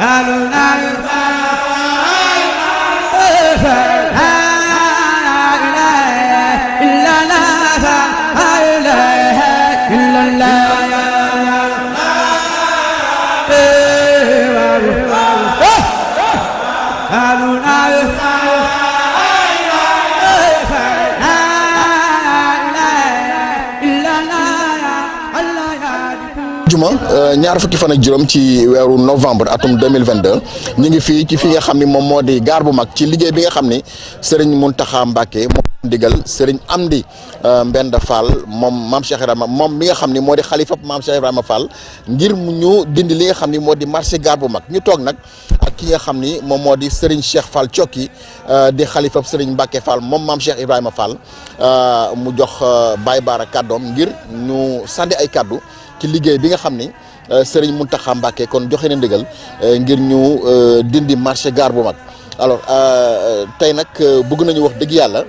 alun alun ajjuma euh, ñaar fukki fan ak juróom ci weeru novembre atum 2022 ñu ngi fii ci fi nga xam ni moom moo di gaar bu mag ci liggéey bi nga xam ni Serigne mun Mbacké moom ndigal Serigne Amdi euh, Mbenda Fall moom maam Cheikh Ibrahima moom mi nga xam ni moo di xalifa maam Cheikh Ibrahima ngir mu ñu dindi li nga xam ni moo di marché gaar bu mag ñu toog nag ki nga xam ni moom moo di Serigne Cheikh Fall Thioky euh, di xalifa Serigne Mbacké Fall moom maam Cheikh Ibrahima Fall mu jox Baye Bara kàddoom ngir ñu sànni ay kàddu ci liggéey bi nga xam ni euh, Serigne Mountakha Mbacké kon joxe na ndigal euh, ngir ñu euh, dindi marché gare bu mag alors tey nag bëgg nañu wax dëgg yàlla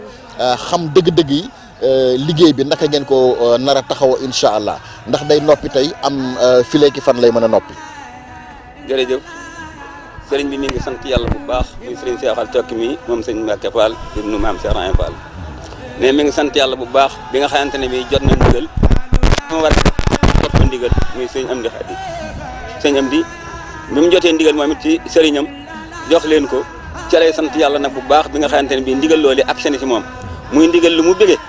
xam dëgg-dëgg yi liggéey bi naka ngeen ko nar a taxawoo incha allah ndax day noppi tey am fileeki fan lay mën a noppi. jërëjëf sëriñ bi mi ngi sant yàlla bu baax muy sëriñ Cheikh Fall mi moom sëriñ Mbacke Fall ibnu maam Cheikh Rahim mi ngi sant yàlla bu baax bi nga xamante ne bii jot na ndigal. ndigal muy sëñ am di xaddi sëñ am di bi mu jotee ndigal moom it ci sëriñam jox leen ko ci sant yàlla nag bu baax bi nga xamante ne bii ndigal loolu ak seen ci moom muy ndigal lu mu bëggee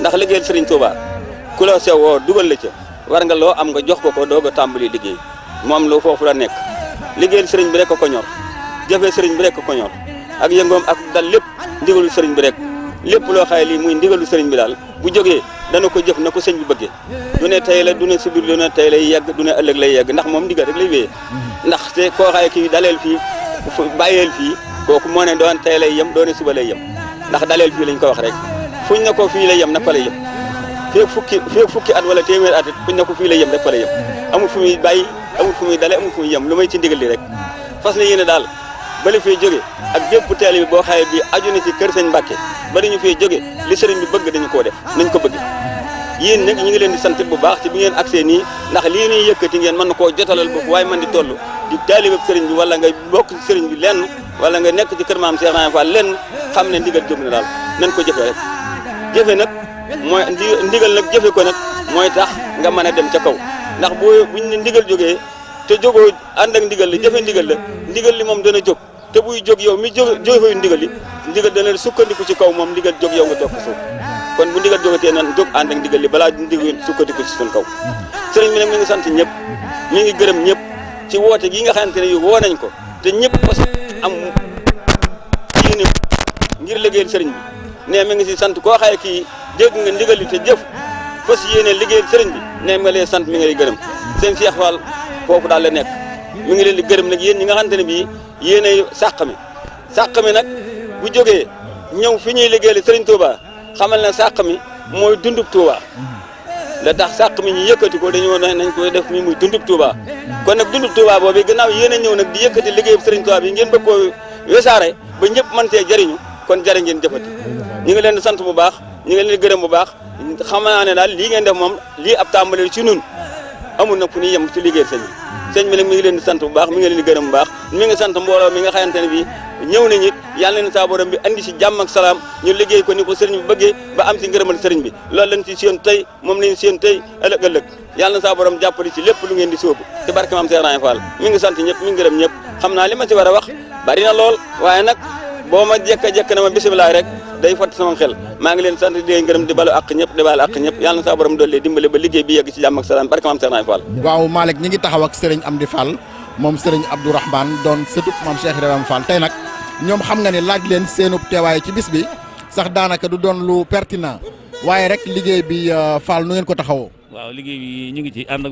ndax liggéeyal sëriñ Touba ku la sew woo dugal la ca war nga loo am nga jox ko ko doog a tàmbali liggéey moom lu foofu la nekk liggéeyal sëriñ bi rek ko ko ñor jëfee sëriñ bi rek ko ko ak yëngoom ak dal lépp ndigalul sëriñ bi rek lépp loo xaye lii muy ndigalu sëriñ bi daal bu jógee dana ko jëf na ko sëñ bi bëggee du ne tey la du ne subir du ne tey lay yegg du ne ëllëg lay yegg ndax moom ndigal rek lay wéyee ndax te koo xaye kii daleel fii bàyyeel fii kooku moo ne doon tey lay yem doone suba lay yem ndax daleel fii lañ ko wax rek fu ne ko fii lay yem nag fa lay yem féeg fukki fukki at wala téeméer at fuñ ne ko fii lay yem rek fa lay yem amul fu muy bàyyi amul fu muy dale amul fu yem lu may ci ndigal li rek fas na yéene daal bali ak bépp teel bi boo xaye bi aju na ci kër sëñ Mbàkke ba ñu fee jóge li sëriñ bi bëgg dañu koo def nañ ko bëgg yéen nag ñu ngi leen di sant bu baax ci bi ngeen agsee nii ndax lii nuy yëkkati ngeen mën na koo jotalal bopp waaye man di toll di taalibab sëriñ bi wala nga bokk sëriñ bi lenn wala nga nekk ci kër maam Cheikh Ibrahima Fall lenn xam ne ndigal jëm na daal nañ ko jëfe rek jëfe nag mooy ndigal nag jëfe ko nag mooy tax nga mën a dem ca kaw ndax boo buñ ne ndigal jógee te jógoo ànd ak ndigal la jëfe ndigal la ndigal li moom dana jóg te buy jóg yow mi jóg jóge ndigal yi ndigal dana la sukkandiku ci kaw moom ndigal jóg yow nga toog suuf kon bu ndigal jógatee nan jóg ànd ak ndigal li balaa ndigal sukkandiku ci suñ kaw sëriñ bi nag mi ngi sant ñëpp mi ngi gërëm ñëpp ci woote gi nga xamante ne yu woo nañ ko te ñëpp parce que am yéene ngir liggéeyal sëriñ bi ne mi ngi si sant koo xaye kii dégg nga ndigal li te jëf fas yéene liggéeyal sëriñ bi ne ma lay sant mi ngay gërëm seen Cheikh Fall foofu daal la nekk mi ngi leen di gërëm nag yéen ñi nga xamante ne bii yéenay sàq mi sàq mi nag bu jógee ñëw fi ñuy liggéeyal Serigne Touba xamal na sàq mi mooy dundub Touba la tax sàq mi ñu yëkkati ko dañoo nañ koy def mi muy dundub Touba ko nag dundub Touba boobu gannaaw yéen a ñëw nag di yëkkati liggéeyub Serigne Touba bi ngeen bëgg koo wesaare ba ñëpp mën see jëriñu kon jërë ngeen jëfati ñu ngi leen di sant bu baax ñu ngi leen di gërëm bu baax xam naa ne daal lii ngeen def moom lii ab tàmbali ci nun amul nag fu ñuy yem ci liggéey sëñ bi sëñ bi nag mi ngi leen di sant bu baax mi ngi leen gërëm bu baax mi ngi sant mbooloo mi nga xamante ne bi ñëw nañ it yàlla leen saa bi indi si jàmm ak salaam ñu liggéey ko ni ko sëriñ bi bëggee ba am si ngërëmal sëriñ bi loolu lañ si seen tey moom lañ seen tey ëllëg ëllëg yàlla na saa borom jàppali si lépp lu ngeen di sóobu te barke maam Serigne Fall mi ngi sant ñëpp mi ngi gërëm ñëpp xam naa li ma si war a wax bari na lool waaye nag boo ma jekka jekk na ma bisimilah rek day fatt sama xel maa ngi leen sant di leen gërëm di balu àq ñëpp di balu àq ñëpp yàlla na sa borom dolli dimbale ba liggéey bi yegg ci jàmm ak salaam barke maam Serigne Fall waaw Malick ñi ngi taxaw ak Serigne Amdi Fall moom Serigne Abdourahmane doon sëtu maam Cheikh Ibrahima Fall tey nag ñoom xam nga ne laaj leen seenub teewaay ci bis bi sax daanaka du doon lu pertinent waaye rek liggéey bi euh, Fall nu ngeen ko taxaw waaw liggéey bi ñu ngi ci ànd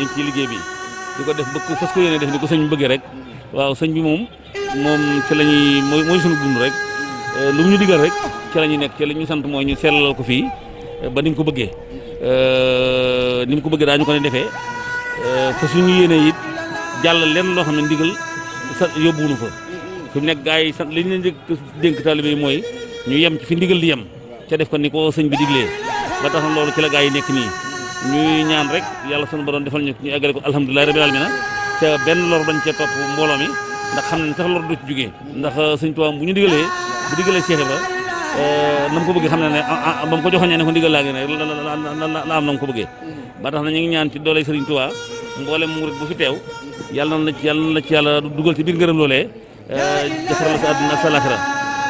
ak ci liggéey bi di ko def bëgg fas ko yéene def ni ko sëñ bi Euh, lu mu ñu digal rek ci la ñu nekk ci ñu sant mooy ñu sellalal ko fii euh, ba ni mu ko bëggee euh, ni mu ko bëggee daañu ko ne defee fa suñu yéene it jàll lenn loo xam ne ndigal sa yóbbuwunu fa fi mu nekk gaa yi sant li ñu leen dénk taalibe yi mooy ñu yem fi ndigal di yem ca def ko ni ko sëñ bi diglee ba tax na loolu ci la yi nekk nii ñuy ñaan rek yàlla sunu borom defal ñu ñu eggale ko alhamdulilah rabbil alamin te benn lor bañ cee topp mbooloo mi ndax xam nañ sax bu diggalee Cheikh Ibra euh, na ko bëggee xam ne ne ah, ah, ba mu ko joxoon ne ko a laa ngi ne la am na mu ko bëggee ba na ñu ngi ñaan ci doole Serigne Touba mboolem murit bu fi teew yàlla na la ci yàlla na la ci yàlla dugal ci biir ngërëm loolee euh, defaral sa àdduna ak sa laaxira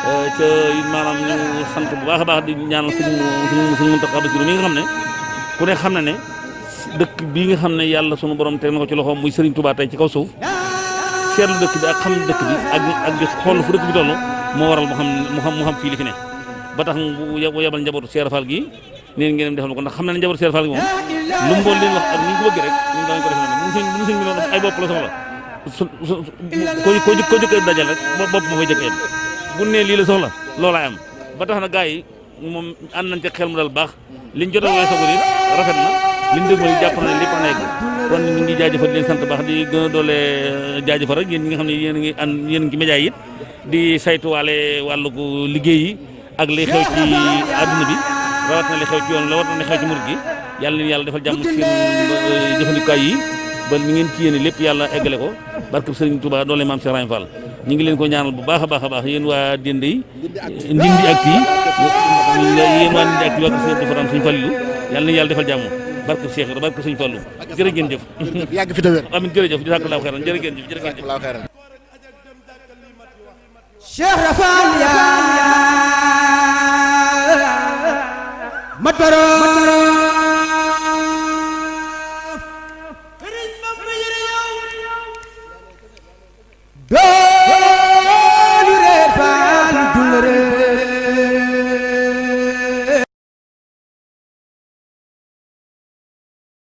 euh, sant bu baax a baax di ñaanal suñu suñu suñu Mountakha xam ne ku xam na ne dëkk bii nga xam ne yàlla sunu borom teg na ko ci loxoom muy Serigne Touba tey ci kaw suuf seetlu dëkk bi ak xam dëkk bi ak ak xool fu dëkk bi moo waral mu xam mu xam mu xam fii li fi ne ba tax mu yebal njabootu Cheikh Fall gi neen ngeen defal ko ndax xam na ne njabootu Cheikh Fall gi moom lu mu doon leen wax ak ni ñu ko bëgg rek ñun daañu ko defal nag bu ñu sëñ bi noonu ay bopp la soxla su su ko ko jëkk dajal rek bopp ma fay jëkk yem bu nee lii la soxla loolaay am ba tax na gaa yi moom ànd nañ ca xel mu dal baax liñ jot a weesoo yi rafet na liñ déglu jàpp na lépp nekk kon ñu ngi jaajëfal di leen sant baax di gën a doole jaajëfal rek yéen ñi nga xam ne yéen a ngi ànd yéen ngi média yi it di saytuwaale wàllug liggéey yi ak li xew ci adduna bi rawat na li xew la rawat na li gi yàlla na yàlla defal jàmm seen euh, jëfandikaay yi ba ni ngeen ci yéene lépp yàlla eggale ko barkeb Sëriñ Touba doole maam Serigne Fall ñu ngi leen ko ñaanal bu baax a baax a baax yéen waa Ndindi yi Ndindi ak kii yéen waa Ndindi ak waa Kër Sëriñ Faram Sëriñ Fallilu yàlla na yàlla defal jàmm barke Cheikh barke Sëriñ Fallu jërë ngeen jëf yàgg fi te wér amiin jërëjëf jazaakallahu xayran jërë Cheikh Rafal yaa mat baro